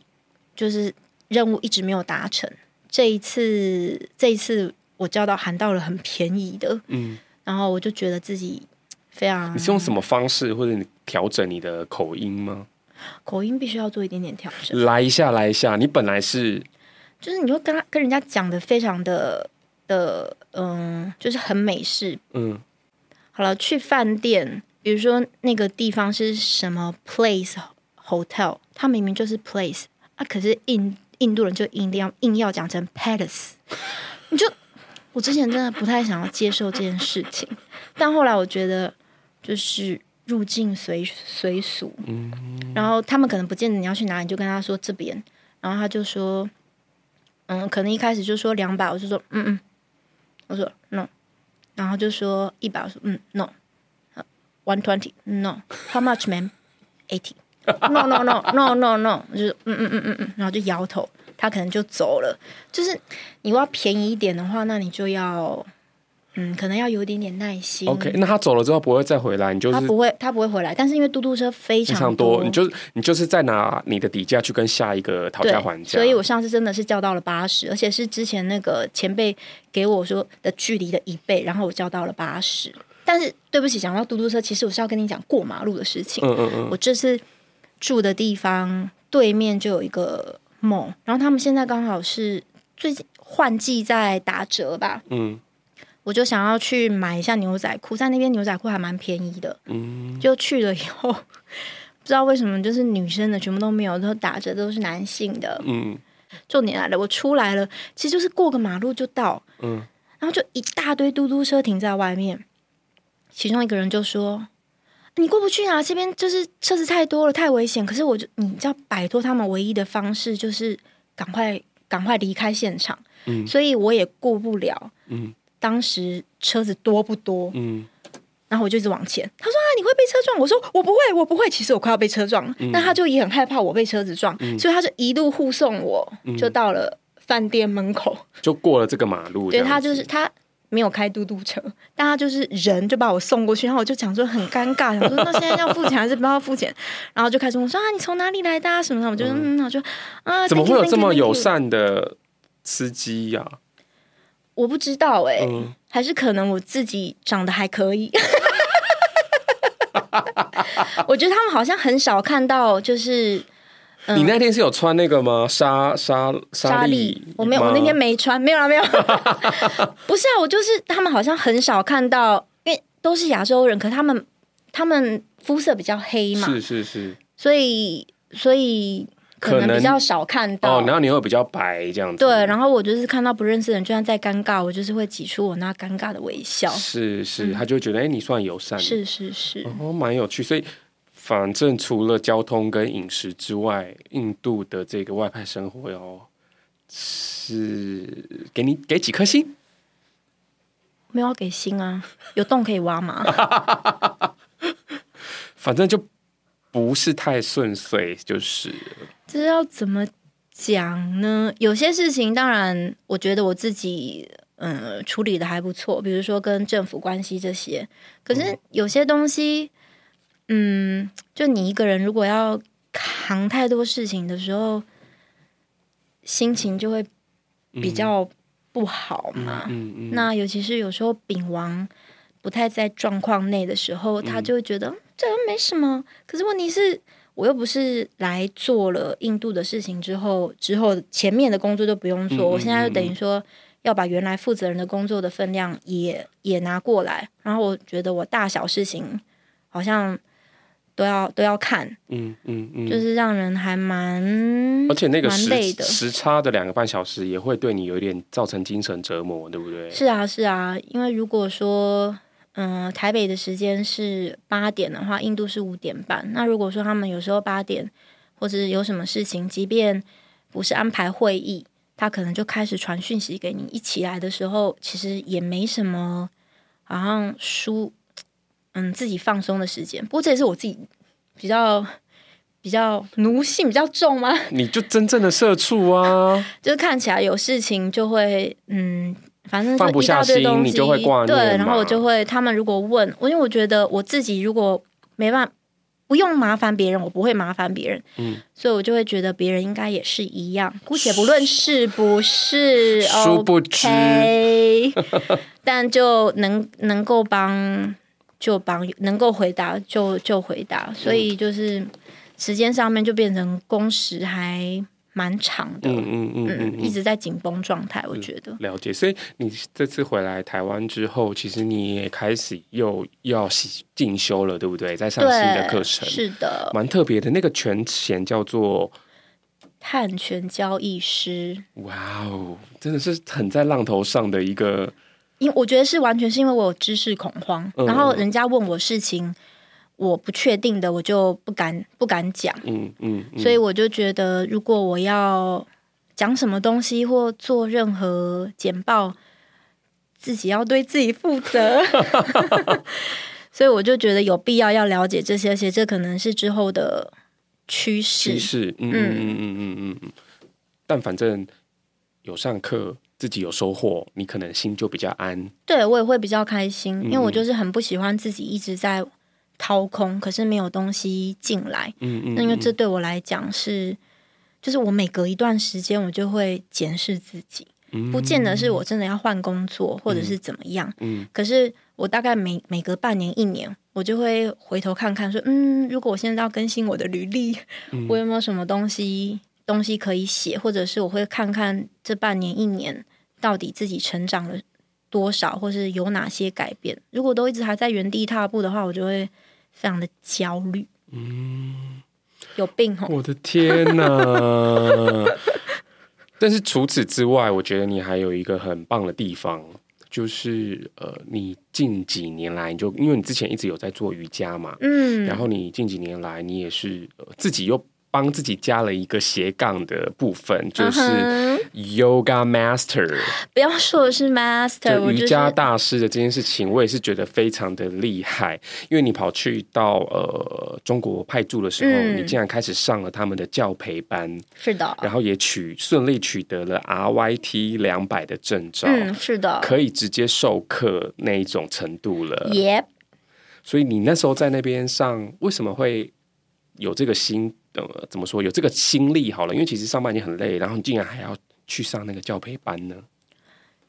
就是任務一直沒有達成。這一次，這一次我叫到喊到了很便宜的，嗯，然後我就覺得自己非常。你是用什麼方式，或者你調整你的口音嗎？口音必須要做一點點調整。來一下，來一下，你本來是，就是你會跟他跟人家講的非常的的，嗯，就是很美式，嗯。好了，去飯店，比如說那個地方是什麼 place hotel，它明明就是 place，啊，可是 in。印度人就一定要硬要講成 palace，你就我之前真的不太想要接受這件事情，但後來我覺得就是入境隨隨俗，mm hmm. 然後他們可能不見得你要去哪裡，你就跟他說這邊，然後他就說，嗯，可能一開始就說兩百，我就說嗯嗯，我說 no，然後就說一百，我說嗯 no，呃，one twenty no，how no. much man eighty。No, no no no no no no，就是嗯嗯嗯嗯嗯，然後就搖頭，他可能就走了。就是你要便宜一點的話，那你就要嗯，可能要有一點點耐心。OK，那他走了之後不會再回來，你就是他不會他不會回來，但是因為嘟嘟車非常非常多，你就你就是在拿你的底價去跟下一個討價還價。所以我上次真的是叫到了八十，而且是之前那個前輩給我說的距離的一倍，然後我叫到了八十。但是對不起，講到嘟嘟車，其實我是要跟你講過馬路的事情。嗯嗯嗯，我這次。住的地方對面就有一個 mall，然後他們現在剛好是最近換季在打折吧。嗯，我就想要去買一下牛仔褲，在那邊牛仔褲還蠻便宜的。嗯，就去了以後，不知道為什麼，就是女生的全部都沒有，然後打折都是男性的。嗯，重點來了，我出來了，其實就是過個馬路就到。嗯，然後就一大堆嘟嘟車停在外面，其中一個人就說。你過不去啊！這邊就是車子太多了，太危險。可是我就，你要擺脫他們唯一的方式就是趕快、趕快離開現場。嗯，所以我也過不了。嗯，當時車子多不多？嗯，然後我就一直往前。他說啊，你會被車撞？我說我不會，我不會。其實我快要被車撞了。那，嗯，他就也很害怕我被車子撞，嗯，所以他就一路護送我，就到了飯店門口，就過了這個馬路。對他就是他。沒有開嘟嘟車，大家就是人就把我送過去，然後我就講說很尷尬，想說那現在要付錢還是不要付錢， 然後就開始我說啊，你從哪裡來的、啊、什麼什麼，我就嗯，我、嗯、就啊，怎麼會有這麼友善的司機呀？ 嗯、我不知道哎、欸，還是可能我自己長得還可以， 我覺得他們好像很少看到就是。嗯、你那天是有穿那個嗎？沙莎莎莉，莉，我沒有，媽我那天沒穿，沒有啊，沒有。 不是啊，我就是他們好像很少看到，因為都是亞洲人，可是他們他們膚色比較黑嘛，是是是，所以所以可能比較少看到，哦。然後你會比較白這樣子。對，然後我就是看到不認識的人，就算再尷尬，我就是會擠出我那尷尬的微笑。是是，嗯、他就會覺得哎、欸，你算友善。是是是，哦，蠻有趣，所以。反正除了交通跟飲食之外，印度的這個外派生活哦，是給你給幾顆星？沒有給星啊，有洞可以挖嘛？ 反正就不是太順遂，就是這是要怎麼講呢？有些事情當然，我覺得我自己嗯處理的還不錯，比如說跟政府關係這些。可是有些東西。嗯，就你一個人如果要扛太多事情的時候，心情就會比較不好嘛。嗯嗯嗯嗯、那尤其是有時候餅王不太在狀況內的時候，他就會覺得、嗯、這又沒什麼。可是問題是，我又不是來做了印度的事情之後，之後前面的工作就不用做。我現在就等於說要把原來負責人的工作的分量也也拿過來，然後我覺得我大小事情好像。都要都要看，嗯嗯嗯，嗯嗯就是讓人還蠻，而且那個時蠻累的時差的兩個半小時也會對你有一點造成精神折磨，對不對？是啊是啊，因為如果說，嗯、呃，台北的時間是八點的話，印度是五點半。那如果說他們有時候八點或者是有什麼事情，即便不是安排會議，他可能就開始傳訊息給你。一起來的時候，其實也沒什麼，好像書。嗯，自己放鬆的時間。不過這也是我自己比較比較，比較奴性比較重嗎？你就真正的社畜啊，啊！就是看起來有事情就會嗯，反正放不下心，你就會掛念嘛。對，然後我就會，他們如果問我，因為我覺得我自己如果沒辦法不用麻煩別人，我不會麻煩別人。嗯，所以我就會覺得別人應該也是一樣，姑且不論是不是，是 okay, 殊不知， 但就能能夠幫。就幫能夠回答就就回答，所以就是時間上面就變成工時還蠻長的，嗯嗯嗯，嗯一直在緊繃狀態，是我覺得了解。所以你這次回來台灣之後，其實你也開始又，又要進修了，對不對？在上新的課程，是的，蠻特別的。那個全銜叫做碳權交易師，哇哦，真的是很在浪頭上的一個。因我覺得是完全是因為我有知識恐慌，嗯、然後人家問我事情，我不確定的我就不敢不敢講，嗯嗯，嗯嗯所以我就覺得，如果我要講什麼東西或做任何簡報，自己要對自己負責， 所以我就覺得有必要要了解這些，而且這可能是之後的趨勢，嗯嗯嗯嗯嗯，嗯嗯但反正有上課，自己有收穫，你可能心就比較安。對，我也會比較開心，嗯、因為我就是很不喜歡自己一直在掏空，嗯、可是沒有東西進來。嗯嗯，嗯那因為這對我來講是，就是我每隔一段時間我就會檢視自己，嗯、不見得是我真的要換工作或者是怎麼樣。嗯，嗯可是我大概每每隔半年一年，我就會回頭看看說，嗯，如果我現在要更新我的履歷，嗯、我有沒有什麼東西？東西可以寫，或者是我會看看這半年一年到底自己成長了多少，或是有哪些改變。如果都一直還在原地踏步的話，我就會非常的焦慮。嗯，有病哦！我的天哪、啊！ 但是除此之外，我覺得你還有一個很棒的地方，就是呃，你近幾年來，你就因為你之前一直有在做瑜伽嘛，嗯，然後你近幾年來，你也是、呃、自己又。幫自己加了一個斜槓的部分，就是 Yoga Master、uh。不要說我是 Master，就瑜伽大師的這件事情，我也是覺得非常的厲害。因為你跑去到呃中國派駐的時候，嗯、你竟然開始上了他們的教培班，是的。然後也取順利取得了 RYT 兩百的證照，嗯、是的，可以直接授課那一種程度了。耶 Yep！所以你那時候在那邊上，為什麼會有這個心？怎麼說有這個心力好了？因為其實上班很累，然後你竟然還要去上那個教培班呢？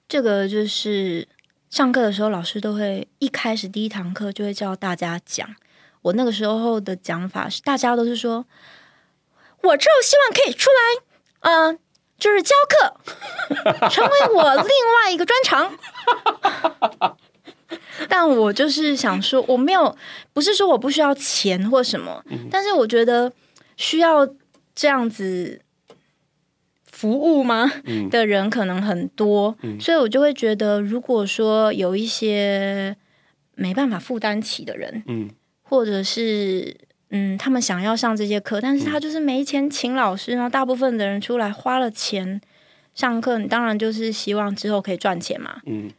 這個就是上課的時候，老師都會一開始第一堂課就會教大家講。我那個時候的講法是，大家都是說，我之後希望可以出來，嗯、呃，就是教課，成為我另外一個專長。 但我就是想說，我沒有，不是說我不需要錢或什麼，但是我覺得。需要這樣子服務嗎？的人可能很多，嗯嗯、所以我就會覺得，如果說有一些沒辦法負擔起的人，嗯、或者是嗯，他們想要上這些課，但是他就是沒錢請老師。嗯、然後大部分的人出來花了錢上課，你當然就是希望之後可以賺錢嘛。嗯，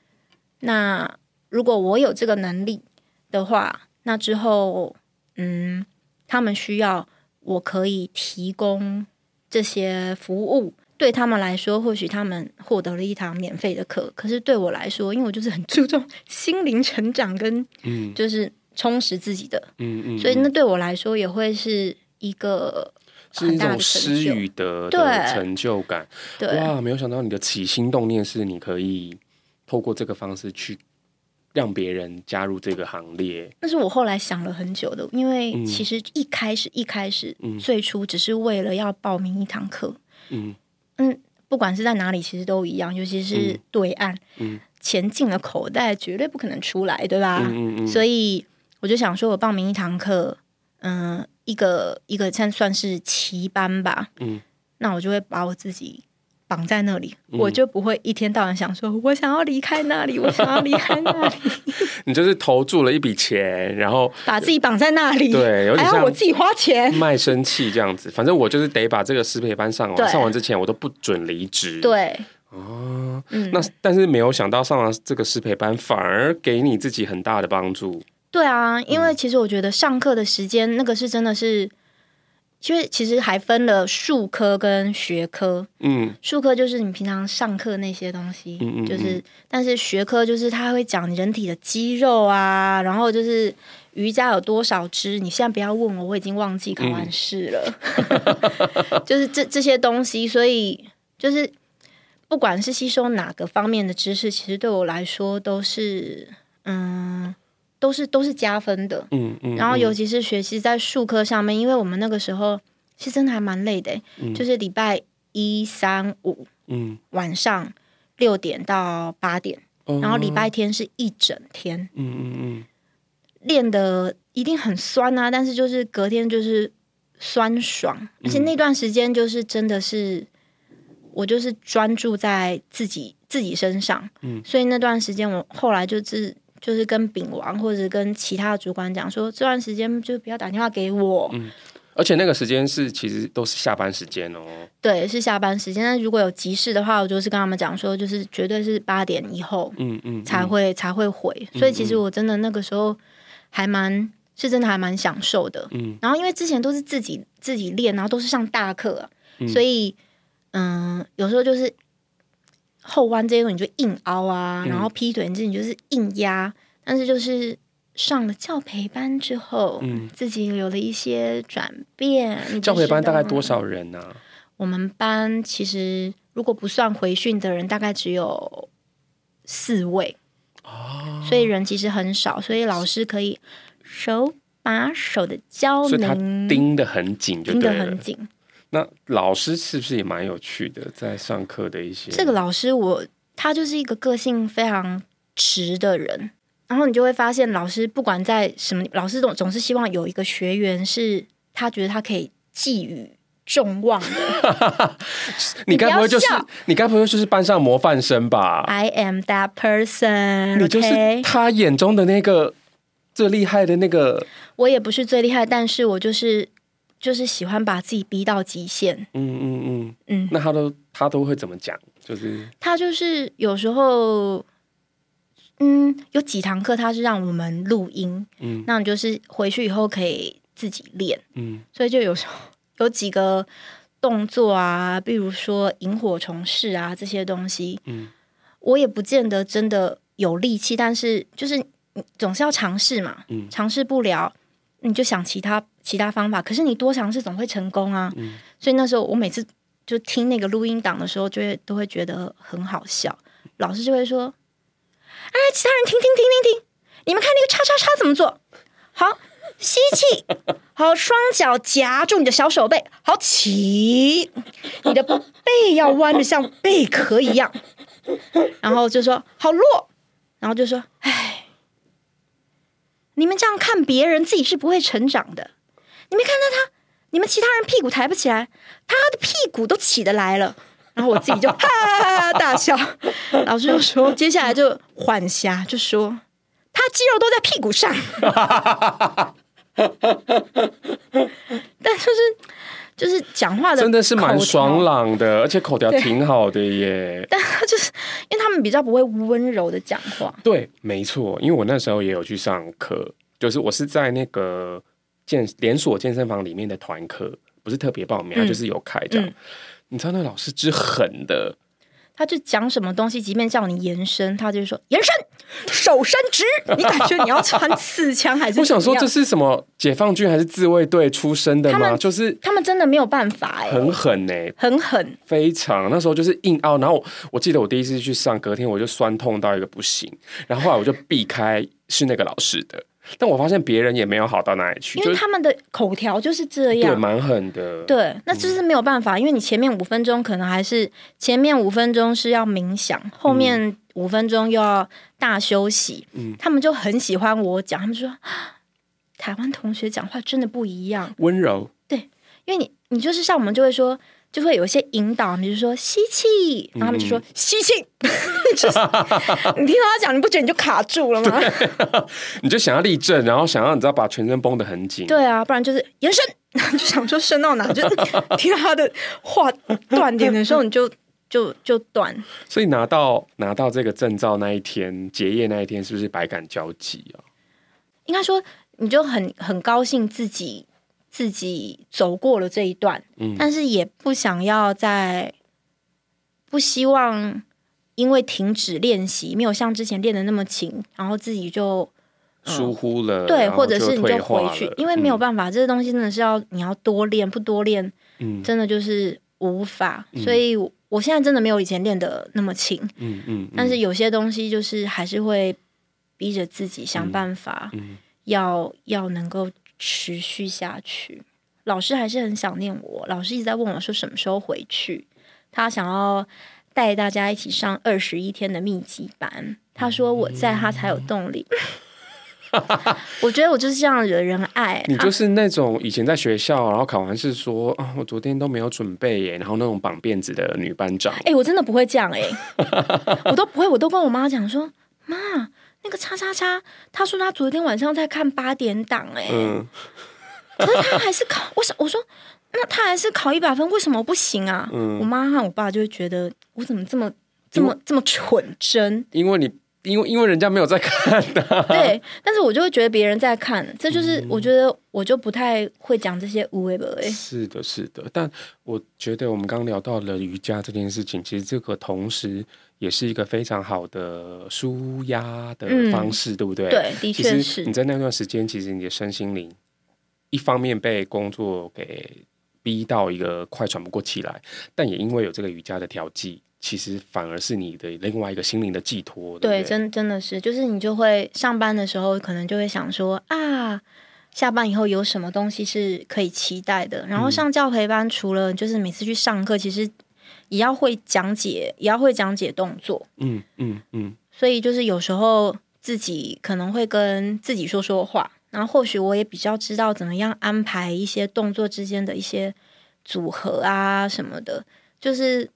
那如果我有這個能力的話，那之後嗯，他們需要。我可以提供這些服務，對他們來說，或許他們獲得了一堂免費的課。可是對我來說，因為我就是很注重心靈成長跟嗯，就是充實自己的，嗯嗯，所以那對我來說也會是一個很，是一種失與得的成就感。對對哇，沒有想到你的起心動念是你可以透過這個方式去。讓別人加入這個行列，那是我後來想了很久的。因為其實一開始、嗯、一開始、嗯、最初只是為了要報名一堂課，嗯、嗯、不管是在哪裡，其實都一樣，尤其是對岸，錢進、嗯嗯、了口袋絕對不可能出來，對吧？嗯嗯嗯、所以我就想說，我報名一堂課，嗯、呃，一個一個算算是齊班吧，嗯，那我就會把我自己，綁在那裡，嗯、我就不會一天到晚想說，我想要離開那裡， 我想要離開那裡。 你就是投注了一筆錢，然後把自己綁在那裡，對，然後、哎、我自己花錢賣身契這樣子。 反正我就是得把這個師培班上完，對上完之前我都不准離職。對，啊，嗯、那但是沒有想到，上了這個師培班反而給你自己很大的幫助。對啊，因為其實我覺得上課的時間、嗯、那個是真的是。就是其實還分了術科跟學科，嗯，術科就是你平常上課那些東西，嗯嗯嗯，就是但是學科就是他會講人體的肌肉啊，然後就是瑜伽有多少支，你現在不要問我，我已經忘記考完試了，嗯、 就是這這些東西，所以就是不管是吸收哪個方面的知識，其實對我來說都是嗯。都是都是加分的，嗯嗯。嗯然後尤其是學習在術科上面，嗯嗯、因為我們那個時候是真的還蠻累的，嗯、就是禮拜一三五，嗯，晚上六點到八點，嗯、然後禮拜天是一整天，嗯嗯嗯。嗯嗯嗯練的一定很酸啊，但是就是隔天就是酸爽，嗯、而且那段時間就是真的是我就是專注在自己自己身上，嗯，所以那段時間我後來就是。就是跟餅王或者跟其他的主管講說，這段時間就不要打電話給我。嗯，而且那個時間是其實都是下班時間哦。對，是下班時間。但如果有急事的話，我就是跟他們講說，就是絕對是八點以後，才會，嗯嗯嗯，才會才會回。所以其實我真的那個時候還蠻是真的還蠻享受的。嗯，然後因為之前都是自己自己練，然後都是上大課，嗯，所以嗯，呃，有時候就是。後彎這些東西就硬凹啊，嗯、然後劈腿，這你就是硬壓。但是就是上了教培班之後，嗯、自己有了一些轉變。教培班大概多少人呢？啊？我們班其實如果不算回訓的人，大概只有四位，哦，所以人其實很少，所以老師可以手把手的教你，盯得很緊，盯得很緊。那老師是不是也蠻有趣的？在上課的一些這個老師我，我他就是一個個性非常直的人。然後你就會發現，老師不管在什麼，老師總總是希望有一個學員是他覺得他可以寄予眾望的。 你該不會就是你，你該不會就是班上模範生吧？I am that person、okay? 你就是他眼中的那個最厲害的那個。我也不是最厲害，但是我就是。就是喜歡把自己逼到極限。嗯嗯嗯嗯，嗯嗯嗯，那他都他都會怎麼講？就是他就是有時候，嗯，有幾堂課他是讓我們錄音，嗯，那你就是回去以後可以自己練，嗯，所以就有時候有幾個動作啊，比如說螢火蟲式啊這些東西，嗯，我也不見得真的有力氣，但是就是總是要嘗試嘛，嗯，嘗試不了。你就想其他其他方法，可是你多嘗試總會成功啊。嗯、所以那時候我每次就聽那個錄音檔的時候，就會都會覺得很好笑。老師就會說：“哎，其他人停停停停停，你們看那個叉叉叉怎麼做。好，吸氣，好雙腳夾住你的小手背，好起，你的背要彎的像貝殼一樣，然後就說好落，然後就說哎。”你們這樣看別人，自己是不會成長的。你沒看到他，你們其他人屁股抬不起來，他，他的屁股都起得來了。然後我自己就哈哈、 啊、大笑。老師就說， 接下來就緩下，就說他肌肉都在屁股上。但就是。就是講話的真的是蠻爽朗的，而且口條挺好的耶。但他就是因為他們比較不會溫柔的講話。對，沒錯，因為我那時候也有去上課，就是我是在那個健連鎖健身房裡面的團課，不是特別報名，就是有開的。嗯嗯、你知道那老師之狠的。他就講什麼東西，即便叫你延伸，他就說延伸，手伸直。你感覺你要穿刺槍還是？ 我想說這是什麼解放軍還是自衛隊出身的嗎？他們，就是他們真的沒有辦法很狠呢、欸，很狠，非常。那時候就是硬凹，然後我，我記得我第一次去上，隔天我就酸痛到一個不行，然後，後來我就避開是那個老師的。但我發現別人也沒有好到哪裡去，因為他們的口條就是這樣，對，蠻狠的，對，那這是沒有辦法，嗯，因為你前面五分鐘可能還是前面五分鐘是要冥想，後面五分鐘又要大休息，嗯，他們就很喜歡我講，他們說台灣同學講話真的不一樣，溫柔，對，因為你你就是像我們就會說。就會有一些引導，比如說吸氣，然後他們就說吸氣、嗯 就是。你聽他講，你不覺得你就卡住了嗎？啊？你就想要立正，然後想要你知道把全身繃得很緊。對啊，不然就是延伸，然後就想說伸到哪，就是聽到他的話斷點的時候，你就就就斷。所以拿到拿到這個證照那一天，結業那一天，是不是百感交集啊？應該說，你就很很高興自己。自己走過了這一段，嗯、但是也不想要再不希望，因為停止練習，沒有像之前練的那麼勤，然後自己就、呃、疏忽了，對，或者是你就回去，因為沒有辦法，嗯、這個東西真的是要你要多練，不多練，嗯、真的就是無法，嗯、所以我現在真的沒有以前練的那麼勤，嗯嗯嗯、但是有些東西就是還是會逼着自己想辦法，嗯嗯、要要能夠。持續下去，老師還是很想念我。老師一直在問我，說什麼時候回去。他想要帶大家一起上二十一天的密集班。他說我在，他才有動力。嗯、 我覺得我就是這樣惹人愛。 他你就是那種以前在學校，然後考完試說啊，我昨天都沒有準備耶，然後那種綁辮子的女班長。哎 欸，我真的不會這樣耶，我都不會，我都跟我媽講說，媽。那個叉叉叉，他說他昨天晚上在看八點檔哎、欸，嗯、可是，他還是考， 我，我說，那他還是考一百分，為什麼我不行啊？嗯、我媽和我爸就會覺得我怎麼這麼這麼為這麼蠢真？因為你。因為因為人家沒有在看的啊，對，但是我就會覺得別人在看，這就是我覺得我就不太會講這些無為不為、嗯。是的，是的，但我覺得我們剛聊到了瑜伽這件事情，其實這個同時也是一個非常好的舒壓的方式，嗯、對不對？對，的確是。你在那段時間，其實你的身心靈一方面被工作給逼到一個快喘不過氣來，但也因為有這個瑜伽的調劑。其實反而是你的另外一個心靈的寄託。對，對，真真的是，就是你就會上班的時候，可能就會想說啊，下班以後有什麼東西是可以期待的。然後上教培班，除了就是每次去上課，嗯、其實也要會講解，也要會講解動作。嗯嗯嗯。嗯嗯，所以就是有時候自己可能會跟自己說說話，然後或許我也比較知道怎麼樣安排一些動作之間的一些組合啊什麼的，就是。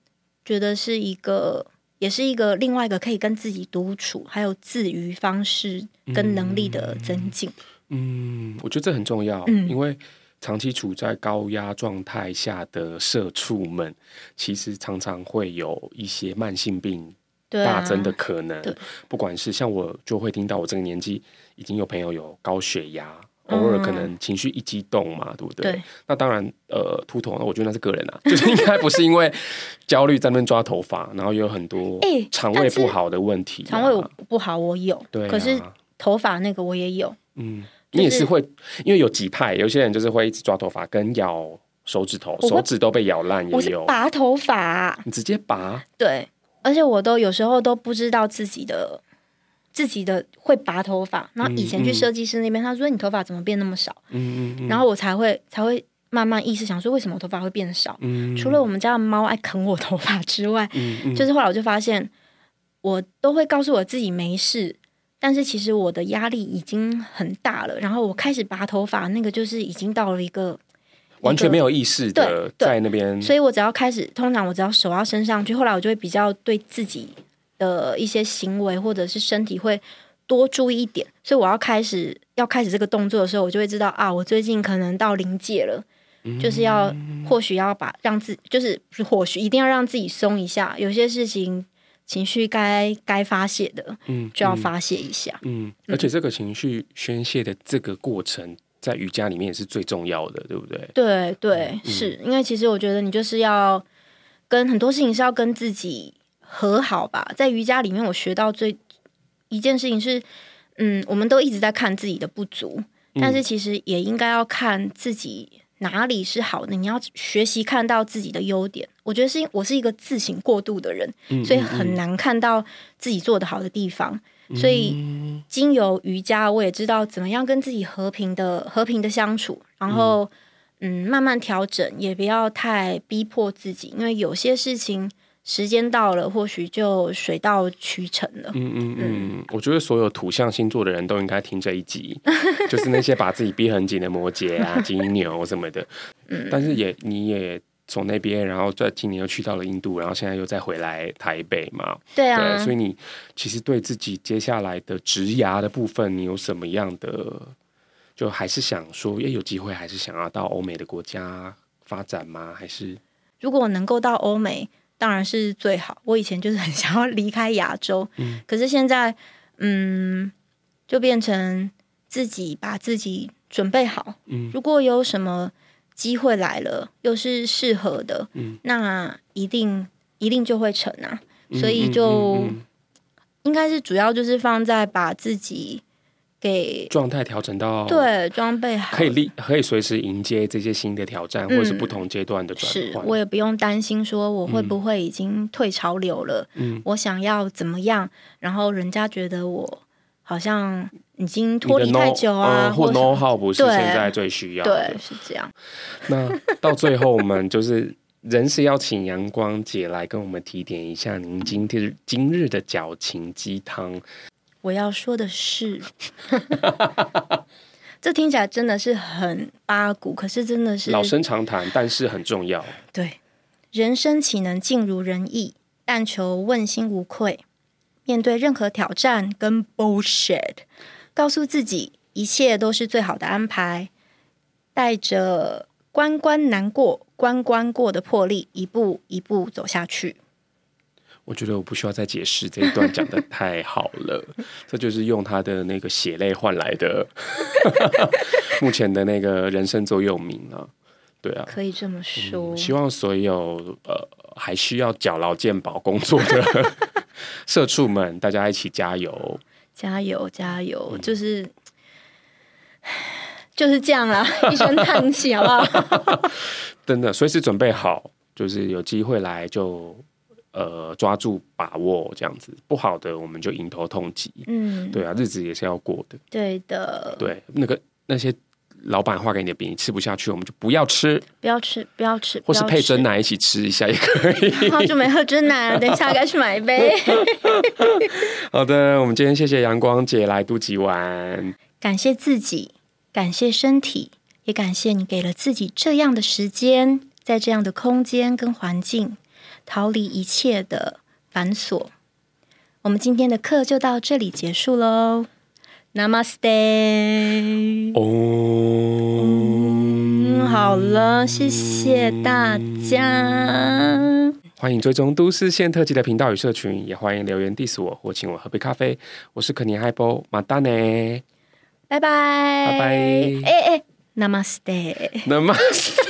覺得是一個，也是一個另外一個可以跟自己獨處，還有自娛方式跟能力的增進，嗯。嗯，我覺得這很重要。嗯，因為長期處在高壓狀態下的社畜們，其實常常會有一些慢性病大增的可能。啊，不管是像我，就會聽到我這個年紀已經有朋友有高血壓。偶爾可能情緒一激動嘛，嗯、對不對？對，那當然，呃，禿頭，那我覺得那是個人啊，就是應該不是因為焦慮在那抓頭髮， 然後也有很多腸胃不好的問題、啊。腸胃不好我有，對啊、可是頭髮那個我也有，嗯，就是、你也是會因為有幾派，有些人就是會一直抓頭髮跟咬手指頭，會手指都被咬爛，也有拔頭髮、啊，你直接拔，對，而且我都有時候都不知道自己的。自己的會拔頭髮，然後以前去設計師那邊，嗯、他說你頭髮怎麼變那麼少？嗯嗯嗯、然後我才會才會慢慢意識想說，為什麼頭髮會變少？嗯、除了我們家的貓愛啃我頭髮之外，嗯嗯、就是後來我就發現，我都會告訴我自己沒事，但是其實我的壓力已經很大了。然後我開始拔頭髮，那個就是已經到了一個完全沒有意識的在那邊，所以我只要開始，通常我只要手要伸上去，後來我就會比較對自己。的一些行為或者是身體會多注意一點，所以我要開始要開始這個動作的時候，我就會知道啊，我最近可能到臨界了，嗯，就是要或許要把讓自己就是或許一定要讓自己鬆一下，有些事情情緒該該發洩的，嗯，就要發洩一下，嗯，嗯，而且這個情緒宣洩的這個過程在瑜伽裡面也是最重要的，對不對？對對，對，嗯，是因為其實我覺得你就是要跟很多事情是要跟自己。和好吧，在瑜伽裡面，我學到最一件事情是，嗯，我們都一直在看自己的不足，但是其實也應該要看自己哪裡是好的。嗯、你要學習看到自己的優點。我覺得是，我是一個自省過度的人，嗯嗯嗯，所以很難看到自己做得好的地方。嗯、所以，經由瑜伽，我也知道怎麼樣跟自己和平的、和平的相處，然後，嗯，嗯，慢慢調整，也不要太逼迫自己，因為有些事情。時間到了，或許就水到渠成了。嗯嗯嗯，嗯我覺得所有土象星座的人都應該聽這一集， 就是那些把自己逼很緊的摩羯啊、金 牛什麼的。嗯、但是也你也從那邊，然後在今年又去到了印度，然後現在又再回來台北嘛。對啊對，所以你其實對自己接下來的職涯的部分，你有什麼樣的？就還是想說，也有機會，還是想要到歐美的國家發展嗎？還是如果能夠到歐美？當然是最好。我以前就是很想要離開亞洲，嗯，可是現在，嗯，就變成自己把自己準備好。嗯，如果有什麼機會來了，又是適合的，嗯，那一定一定就會成啊。所以就應該是主要就是放在把自己。給狀態調整到對，裝備好，可以立可以隨時迎接這些新的挑戰，嗯、或者是不同階段的轉換。我也不用擔心說我會不會已經退潮流了。嗯，我想要怎麼樣？然後人家覺得我好像已經脫離太久啊，或 know-how 不是現在最需要對，對，是這樣。 那到最後，我們就是人是要請陽光姐來跟我們提點一下，您今天今日的矯情雞湯。我要說的是， 這聽起來真的是很八股，可是真的是老生常談，但是很重要。對，人生豈能盡如人意？但求問心無愧。面對任何挑戰跟 bullshit，告訴自己一切都是最好的安排。帶着關關難過關關過的魄力，一步一步走下去。我覺得我不需要再解釋這一段，講得太好了。 這就是用他的那個血淚換來的， 目前的那個人生座右銘啊。對啊，可以這麼說。嗯、希望所有呃還需要繳勞健保工作的 社畜們，大家一起加油！加油！加油！嗯、就是就是這樣啦，一聲嘆氣好不好？真的， 隨時準備好，就是有機會來就。呃，抓住把握，這樣子，不好的我們就迎頭痛擊。嗯，對啊，日子也是要過的。對的，對那個那些老闆畫給你的餅，你吃不下去，我們就不要吃，不要吃，不要吃，或是配珍奶一起吃一下也可以。好久 沒喝珍奶了， 等一下該去買一杯。 好的，我們今天謝謝陽光姐來都吉玩，感謝自己，感謝身體，也感謝你給了自己這樣的時間，在這樣的空間跟環境，逃離一切的繁瑣，我們今天的課就到這裡結束嘍。Namaste。哦、oh, 嗯，好了，謝謝大家。嗯、歡迎追蹤都市線特輯的頻道與社群，也歡迎留言 diss 我或請我喝杯咖啡。我是肯尼嗨波馬丹內，拜拜拜拜。Namaste Namaste。